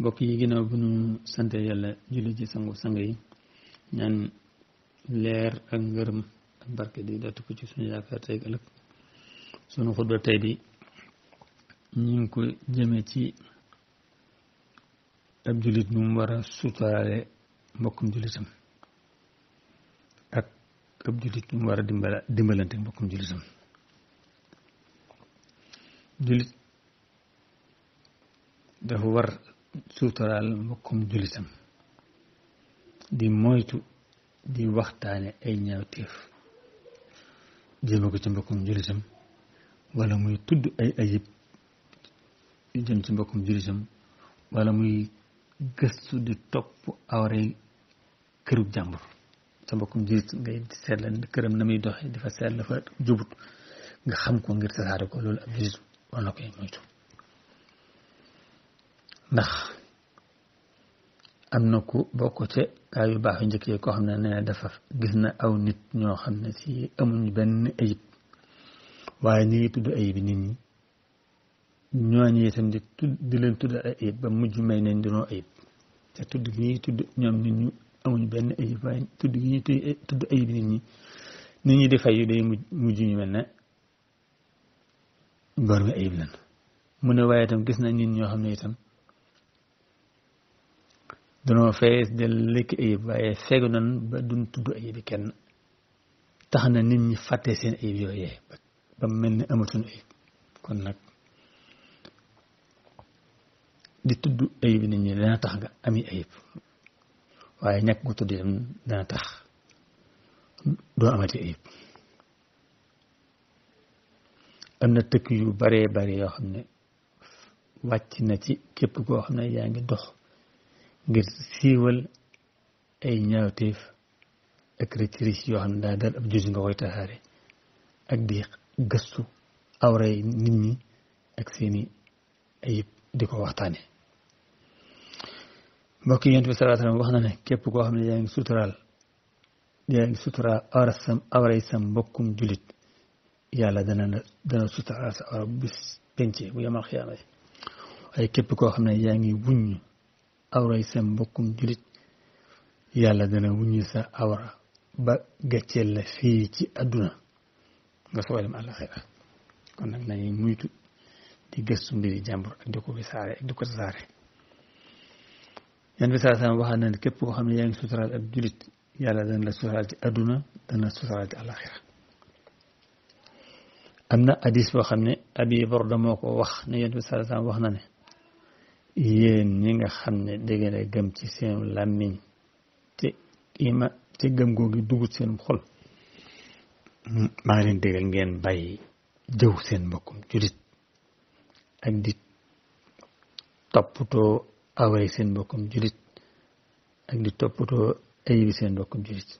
mbokk yi ginnaaw bu ñu sante yàlla julli ci sangu sang yi ñaan leer ak ngërëm ak barke di dott ko ci suñu yaakaar tey ëllëg suñu xutba tey bi ñi ngi ko jëme ci ab jullit nu mu war a mbokkum jullitam ak ab jullit nu mu war a mbokkum jullitam jullit dafa war suuturaal mbokkum jullitam di moytu di waxtaane ay ñaawteef jëme ko ci mbokkum jullitam wala muy tudd ay ayib yu jëm ci mbokkum jullitam wala muy gëstu di topp awray këru jàmbur sa mbokkum jullit ngay seet la këram na muy doxe di fa seet fa jubut nga xam ko ngir tasaare ko loolu ab jullit war na koy moytu ndax am na ko bokk ci gaa yu baax yu njëkk yi koo xam ne nee dafa gis na aw nit ñoo xam ne si amuñ benn ayib waaye ñu ngi tudd ayib nit ñi ñooñu itam di tudd di mujj may nañ te tudd gi ñuy tudd ñu amuñ tudd gi nit ñi ñi di fay yu day mujj ñu mel ne borom ayib lan mu ne waaye itam gis na nit ñoo xam ne itam danoo fees del lekk eh, ayib waaye fegu nan ba duñ tudd ayibi kenn tax na nit ñi fàtte seen ayib yooyee ba mel ni amatuñ ayib kon nag di tudd ayib nit ñi dana tax nga ami ayib waaye ñàkk gu tudd yam dana tax doo amati ayib am na tëkk yu baree bare yoo xam ne wàcc na ci képp koo xam ne yaa ngi dox ngir siiwal ay ñaawteef ak rëcc rëcc yoo xam ne daa dal ab jus nga koy taxaare ak di gëstu awray nit ñi ak seeni ayib di ko waxtaane mbokk yi yonent bi sallallahu wax na ne képp koo xam ne yaa ngi suturaal yaa ngi suturaal awra sam mbokkum julit yàlla dana la dana suturaal sa awra bis pencee bu yamal xiyaama waaye képp koo xam ne yaa ngi wuññu awray sa mbokkum julit yàlla dana wuññi sa awra ba gàcceel la fii ci àdduna nga sooylam àllaxira kon nag nañuy muytu di gëstu mbiri jàmbur ak di ko wisaare ak di ko tasaare yan wisaare sama waxaa na ne képp koo xam ne yaa ngi suturaal ak julit yàlla dana la suturaal ci àdduna dana la suturaal ci àllaxira am na hadis boo xam ne abi borda moo ko wax ne yonent bi sallallahu alayhi wasallam wax na ne yéen ñi nga xam ne dégg na ci seen làmmiñ te ima te gëm googu dugg seen xol maa ngi leen ngeen bàyyi jëw seen mbokkum julit ak di toppatoo away seen mbokkum julit ak di toppatoo ayibi seen mbokkum julit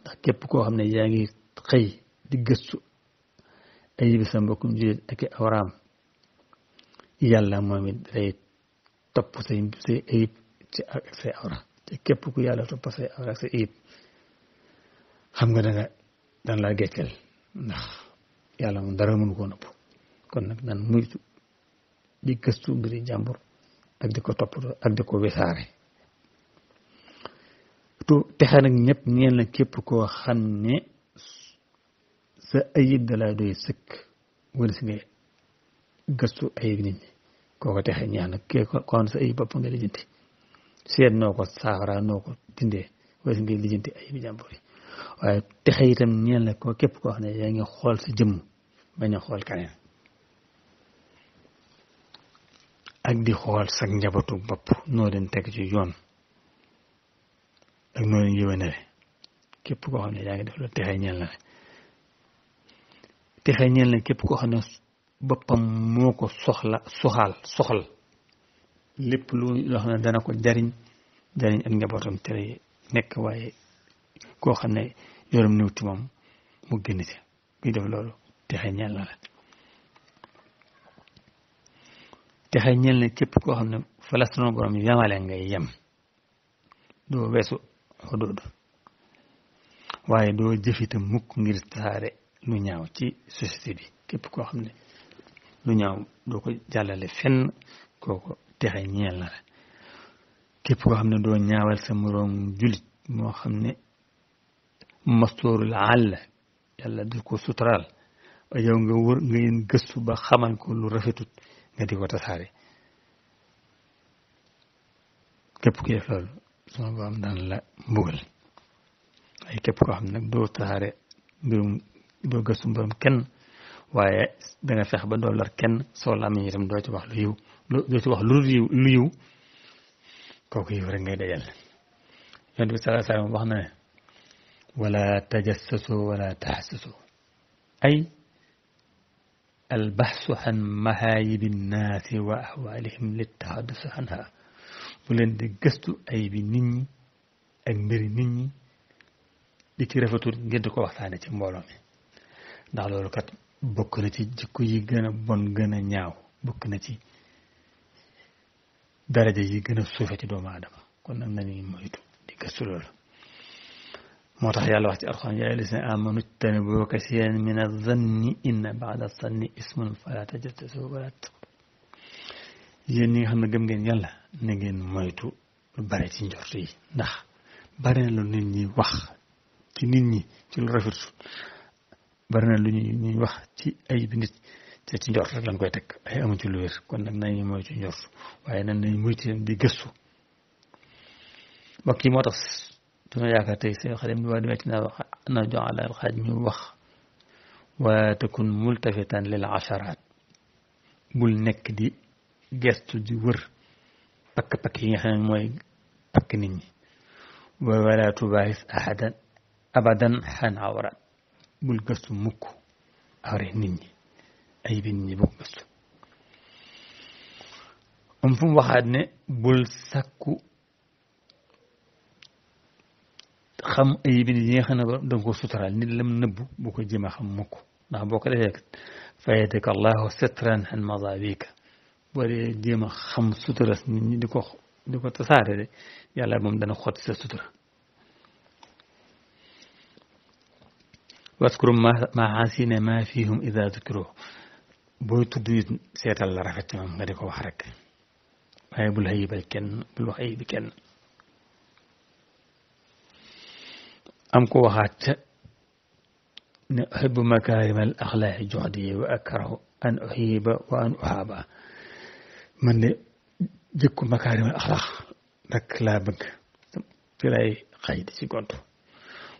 ndax képp koo xam ne yaa ngi xëy di gëstu ayibi sa mbokkum julit ak i awraam yàlla moom it topp say say xam nga da nga daan laa ko toppatoo ak texe nag ñëpp ñeen la képp koo xam ne sa ayib da doy sëkk wala si nga gëstu ayib nit ñi kooko texe ñaan ak kee kon sa ay bopp nga lijjanti seet noo ko saafara noo ko dindee wala si ngay lijjanti ay bi jàmbur yi waaye texe itam ñeel la ko képp koo xam ne yaa ngi xool sa xool kaneen ak di xool sa bopp noo leen teg ci yoon ak noo koo xam ne yaa def loolu texe ñeel na la texe ñeel na képp koo xam ne boppam moo ko soxla soxal soxal lépp lu loo xam ne dana ko jariñ jariñ ak njabootam tere nekk waaye koo xam ne yoram néew ci mu génn ci kuy def loolu texe ñeel na la texe ñeel képp koo xam ne falastrono borom yamale ngay yem doo weesu xuduud waaye doo jëfitam mukk ngir tasaare lu ñaaw ci société bi képp koo xam ne lu ñaaw doo ko jàllale fenn kooku texe ñeel na la képp koo xam ne doo ñaawal sa moroom julit moo xam ne mastoorul àll yàlla daf ko suturaal yow nga wër nga yéen gëstu ba xamal ko lu rafetut nga di ko tasaare képp ku def loolu sama borom daan la mbugal waaye képp koo xam nag doo tasaare mbirum doo gëstu mbirum kenn waaye da fex ba doo kenn soo làmmiñ itam doo ci wax lu yiw doo ci wax lu yiw lu yiw kooku yiw rek bi sallallahu alayhi wasallam wax na ne wala tajassasu wala taxassasu ay albaxsu an mahaayibi nnaasi wa ahwaalihim littaxaddusu anha bu leen di gëstu ay bi nit ñi ak mbiri nit ñi di ci rafetul ngeen di ko waxtaane ci mbooloo mi loolu kat bokk na ci jikko yi gën a bon gën a ñaaw bokk na ci daraja yi gën a suufe ci doomu adama kon nag nañuy moytu di gëstu loolu moo tax yàlla wax ci alxuraan yaa lazina amanu ijtanibu kasiiran mina zanni inna ba'da zanni ismun fala tajassasu wala yéen ñi nga xam ne gëm ngeen yàlla na ngeen moytu lu bare ci njort yi ndax bare na lu nit ñi wax ci nit ñi ci lu rafetul bari na lu ñuy ñuy wax ci ay bi nit te ci njort rek lañ koy teg ay amu ci lu wér kon nag nañu mooy ci njort waaye nan nañ muy ci di gëstu mbokk yi moo tax dama yaakaar tey seen xadim bi waa demee ci naa wax na jox ala alxaaj mi wax waa takun multafitan lil asharat bul nekk di gestu di wër pakk-pakk yi nga xam ne mooy pakk nit ñi wa wala tubahis ahadan abadan xan awrat bul gëstu mukk awre nit ñi ay bi nit ñi bul gëstu am fu mu waxaat ne bul sàkku xam ay bi ñi nga xam ne ba danga ko suturaal nit lam nëbbu bu ko jéem a xam mukk ndax boo ko defee fayatika allahu sitran dee jéem a xam sutura nit ñi di ko di tasaare de yàlla moom dana xotti sa sutura waskuru maxaasina ma fihum ida zukiro booy tudd it seetal la rafet ci moom nga di ko wax rek waaye bul xëyibal kenn bul wax xëyibi kenn am ko waxaat ne uhibbu makaarima al axlaaqi joxdi wa akrahu an uxiiba wa an uxaaba man de jëkku makaarima al axlaaq rek laa bëgg ci lay xëy di ci gontu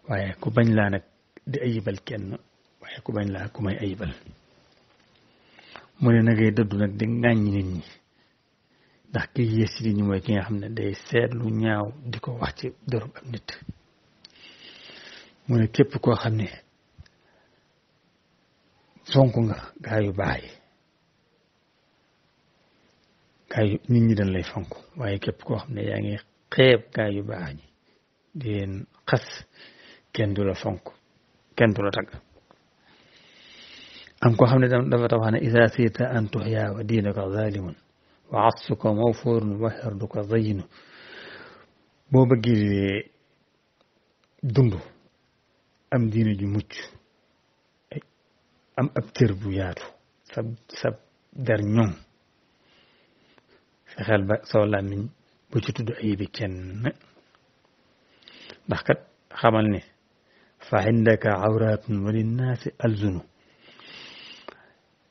waaye ku bañ laa nag di ayibal kenn waaye ku bañ laa ku may ayibal mu ne na ngay dëddu nag di ŋàññi nit ñi ndax ki yées ci nit ñi mooy ki nga xam ne day seetlu ñaaw di ko wax ci dorob ab nit mu ne képp koo xam ne sonk nga gaa yu baax yi gaa yu nit ñi dañ lay fonk waaye képp koo xam ne yaa ngi xeeb gaa yu baax ñi di leen xas kenn du la fonk kenn du la tagg am koo xam ne dafa tax wax ne ida siita an tuxyaa wa diinuka zalimun wa wa xirduka zayinu boo bëggee dund am diine ju mucc am ab cër bu yaatu sab sab der ñoom fexeel ba soo làmmiñ bu ci tudd ayibi kenn ndax kat xamal ne fa indaka awratun wa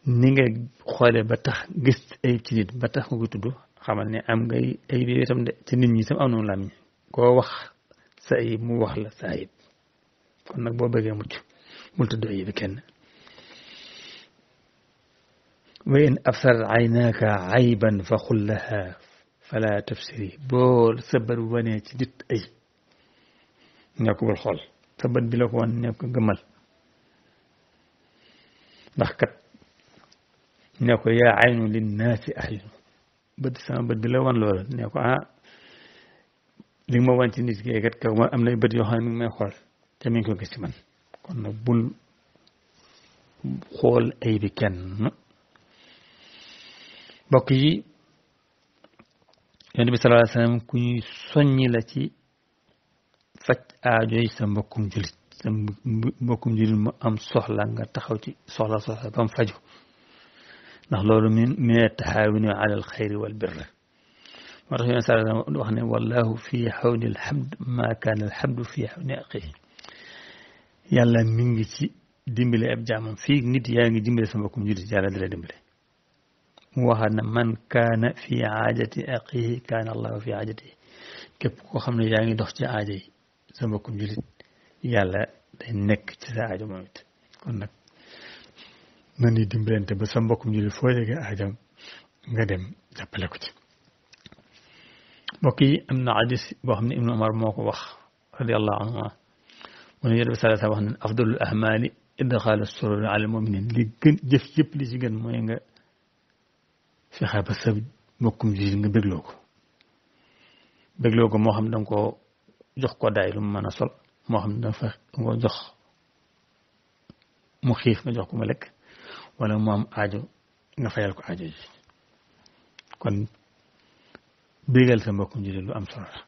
nga xoole ba tax gis ci nit ba tax nga ko tudd xamal ni am ngay ay bi itam de ci nit ñi itam am noonu làmmiñ koo wax sa ayib mu wax la sa ayib kon nag boo bëggee mucc bul tudd ayibi kenn wa in absar aynaaka ayban fa fala tafsiri bool sa bër ci nit ayib nga ko bul xool sa bët bi la ko wan ne ko gëmal ndax kat ne ko yaa aynu linnaasi aynu bët sama bët bi la wan loola ne ah li nga ma wan ci nit ki kat kaw ma am na bët yoo xam ne mi ngi may xool te mi ngi ko gis ci man kon nag bul xool ay bi kenn mbokk yi yonent bi sallallahu alayhi wa ku ñuy soññi la ci faj aajoy sa mbokkum jullit sa mbokkum jullit mu am soxla nga taxaw ci soxla soxla ba mu faju ndax loolu min min tahaawuni ala al xayri wal birr moo tax yoon saa wax ne wallahu fi xawni alhamd ma kaana alhamdu fi xawni aqihi yàlla mi ngi ci dimbale ab jaamam fii nit yaa ngi dimbale sa mbokkum jullit yàlla di la dimbale mu waxaat na man kaana fi aajati aqihi kaana allahu fi aajatihi képp koo xam ne yaa ngi dox ci aaja yi sa mbokkum jullit yàlla day nekk ci sa aajo moom kon nag na ni dimbalante ba sa mbokkum jullit foo jege aajam nga dem jàppale ko ci mbokk yi am na hadis boo xam ne ibnu Umar moo ko wax radiallahu anhuma mu ne wax ne afdalul ahmaali idxaalu sururi ala muminin li gën jëf yëpp li ci gën mooy nga fexe ba sa mbokkum jullit nga bégloo ko bégloo moo xam danga jox ko daay lu mu mën a sol moo xam ne fa nga jox mu xiif nga jox ko mu lekk wala mu am aajo nga fayal ko aajo ji kon bégal sa mbokkum jullit lu am solo la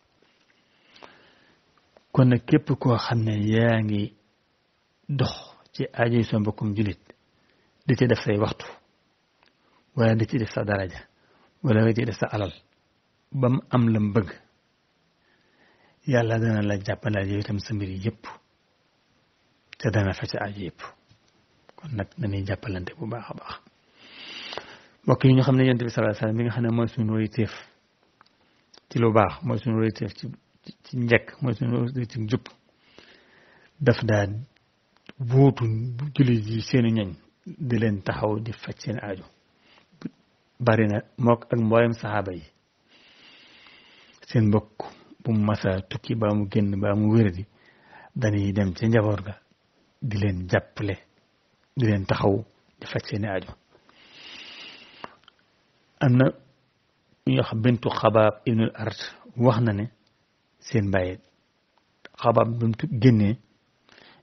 kon nag képp koo xam ne yaa ngi dox ci aajo yi sa mbokkum jullit di ci def say waxtu wala di ci def sa daraja wala di ci def sa alal ba am lam bëgg yàlla dana la jàppalaal yow itam sa mbir yëpp te dana faj sa aaju yëpp kon nag dañuy jàppalante bu baax a baax mbokk yi ñu xam ne yonent bi sallallahu alayhi wasallam mi nga xam ne mooy suñu royteef ci lu baax mooy suñu royteef ci ci njëkk mooy suñu royteef ci jub daf daa wuutu jullit yi seeni ñañ di leen taxaw di faj seen aaju bari na mook ak mboolem saxaaba yi seen mbokk bu mu masaa tukki baa mu génn baa mu wéradi dañuy dem ci njaboot ga di leen jàppale di leen taxaw di faj seeni aajo am na ñoo xam bintu xabaab ibnul art wax na ne seen bàyyi xabaab bi mu génnee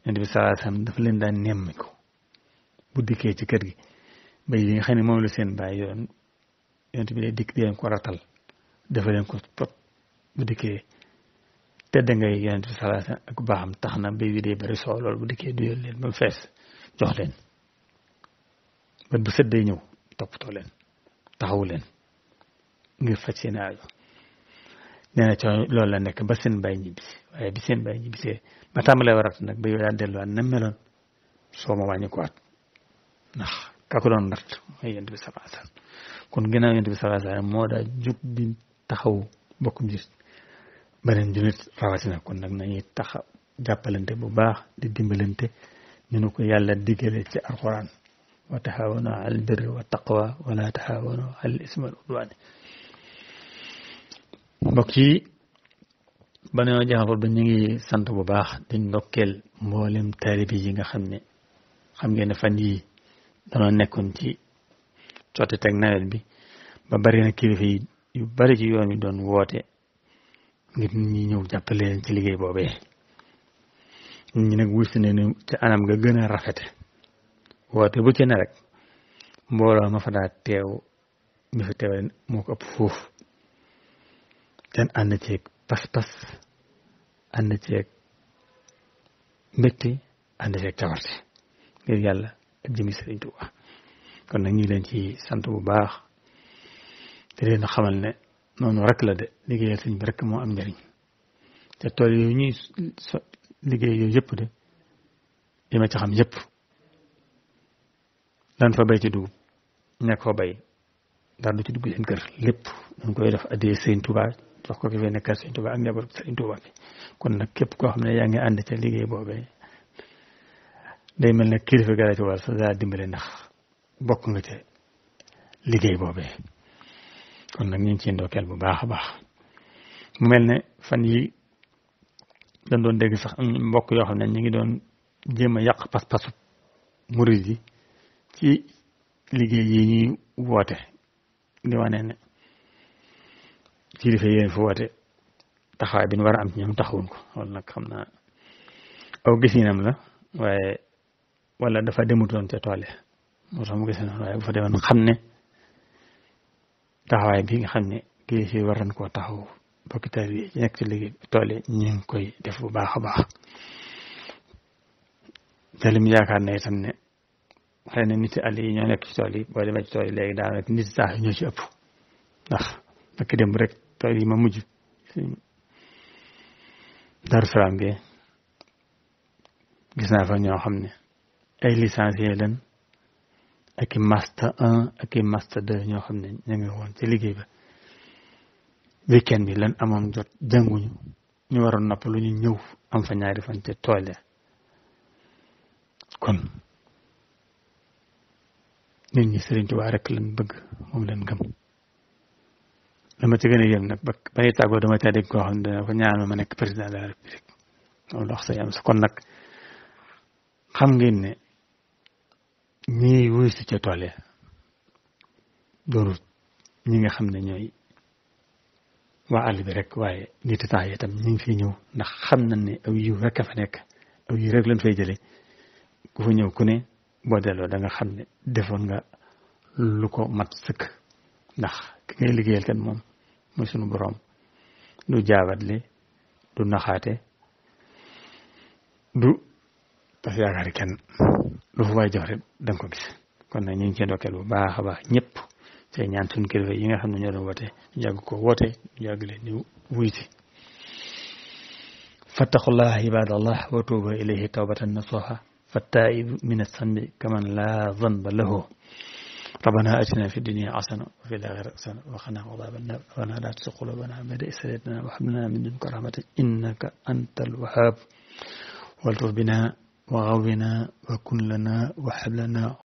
yonent bi sallallahu alayhi wasallam dafa leen daan nemmi ko bu dikkee ci kër gi bay yi nga xam ne moom la seen bàyyi yoon yonent bi day dikk di leen ko ratal dafa leen ko pot bu dikkee tedd ngay yonent bi salaasa ak baaxam tax na béy wi dee bari soow loolu bu dikkee duyal leen bu sëddee ñëw toppatoo leen taxawu leen ngir faj seen aajo la nekk ba seen bay ñibbisi waaye bi seen bay ñibbisee ba tàmbalee warat nag ba yow delluwaat na meloon soo ma wàññi waat ndax ka ko doon natt mooy yonent bi salaasa kon moo daa jug di taxaw bokkum jiit beneen jullit rawatina kon nag nañuy tax jàppalante bu baax di dimbalante ñu nu ko yàlla digale ci alquran wa taxaawano al birri wa taqwa wala taxaawano al ismi wal udwaani mbokk yi ba ba ñu sant bu baax di ndokkeel mboolem taalibi yi nga xam ne xam ngeen ne fan yii danoo nekkoon ci sotti teg bi ba bari na kilifa yu bari ci yoon wi doon woote ngir nit ñi ñëw jàppale ci liggéey boobee nit ñi nag wuy si ne ni ci anam nga gën a rafete woote bu ci na rek mbooloo ma fa daa teew ñu fa teewee moo ko ëpp foofu ten ànd ceeg pas-pas ànd ceeg mbégte ànd ceeg cawarte ngir yàlla ak jëmi Sëriñ kon nag ñu leen ci sant bu baax te leen xamal ne noonu rek la de liggéeyal sëñ bi rek moo am njëriñ te tool yooyu ñuy liggéey yooyu yëpp de li ma ci xam yëpp lan fa bay ci dugub ñàkk fa bay dara du ci dugg seen kër lépp dañ koy def addee sëñ Touba jox ko ki fee nekkal sëñ Touba ak njaboot sëñ Touba bi kon nag képp koo xam ne yaa ngi ànd ca liggéey boobee day mel ne kilifa gara ci war sa daa dimbale ndax bokk nga ca liggéey boobee kon nag ñu ngi ciy bu baax a baax mu mel ne fan yi dañ doon dégg sax mbokk yoo xam ne ñi ngi doon jéem a yàq pas-pasu murid yi ci liggéey yi ñuy woote di wane ne kilifa yéen fu woote taxawaay bi ñu war a am ci ñoom taxawuñ ko loolu nag xam naa aw gisinam la waaye wala dafa demutoon ca tool yi moo tax mu gis noonu waaye bu fa demoon xam ne. taxawaay bi nga xam ne kilifa yi war nañ koo taxaw bokki taal bi nekk ci liggéey tool yi ñu koy def bu baax a baax te yaakaar na tam ne xëy na nit àll yi ñoo nekk ci tool boo demee ci tool yi léegi daanaka nit sax ñoo ci ëpp ndax bakki dem rek tool yi ma mujj Darou Salaam bi gis naa fa ñoo xam ne ay licencié lañ ak i master un ak i master ñoo xam ne ñu ngi woon ci liggéey ba weekend bi lan amoon jot jànguñu ñu waroon nopp lu ñu ñëw am fa ñaari fan te tool ya kon nit ñi Sëriñ Tuubaa rek lan bëgg moom leen gëm dama ci gën a yëm nag ba bay tàggoo dama caa koo xam ne dana ko ñaan ma nekk président de la république loolu dox say am kon nag xam ngeen ne ñii wuy si ca tool ya doonut ñi nga xam ne ñooy waa àll bi rek waaye nit taax yi itam ñu ngi fi ñëw ndax xam nañ ne aw yiw rek fa nekk aw yiw rek lañ fay jële ku fa ñëw ku ne boo delloo danga xam ne defoon nga lu ko mat sëkk ndax ki ngay liggéeyal kat moom mooy sunu boroom du jaabatle du naxaate du tax yaakaari kenn lu fa waay da nga ko gis kon nag ñu ngi cee ndokkeel bu baax a baax ñëpp te ñaan suñu kilifa yi nga xam ne ñoo doon woote yàgg ko woote yàgg leen di wuy si fattaqullah ibadallah wa tuuba ilayhi tawbatan nasuha a min alsambi kaman la zanba lahu ربنا آتنا في الدنيا حسنة وفي الآخرة حسنة وقنا عذاب النار ربنا لا تزغ وعاونا وكن لنا وحب لنا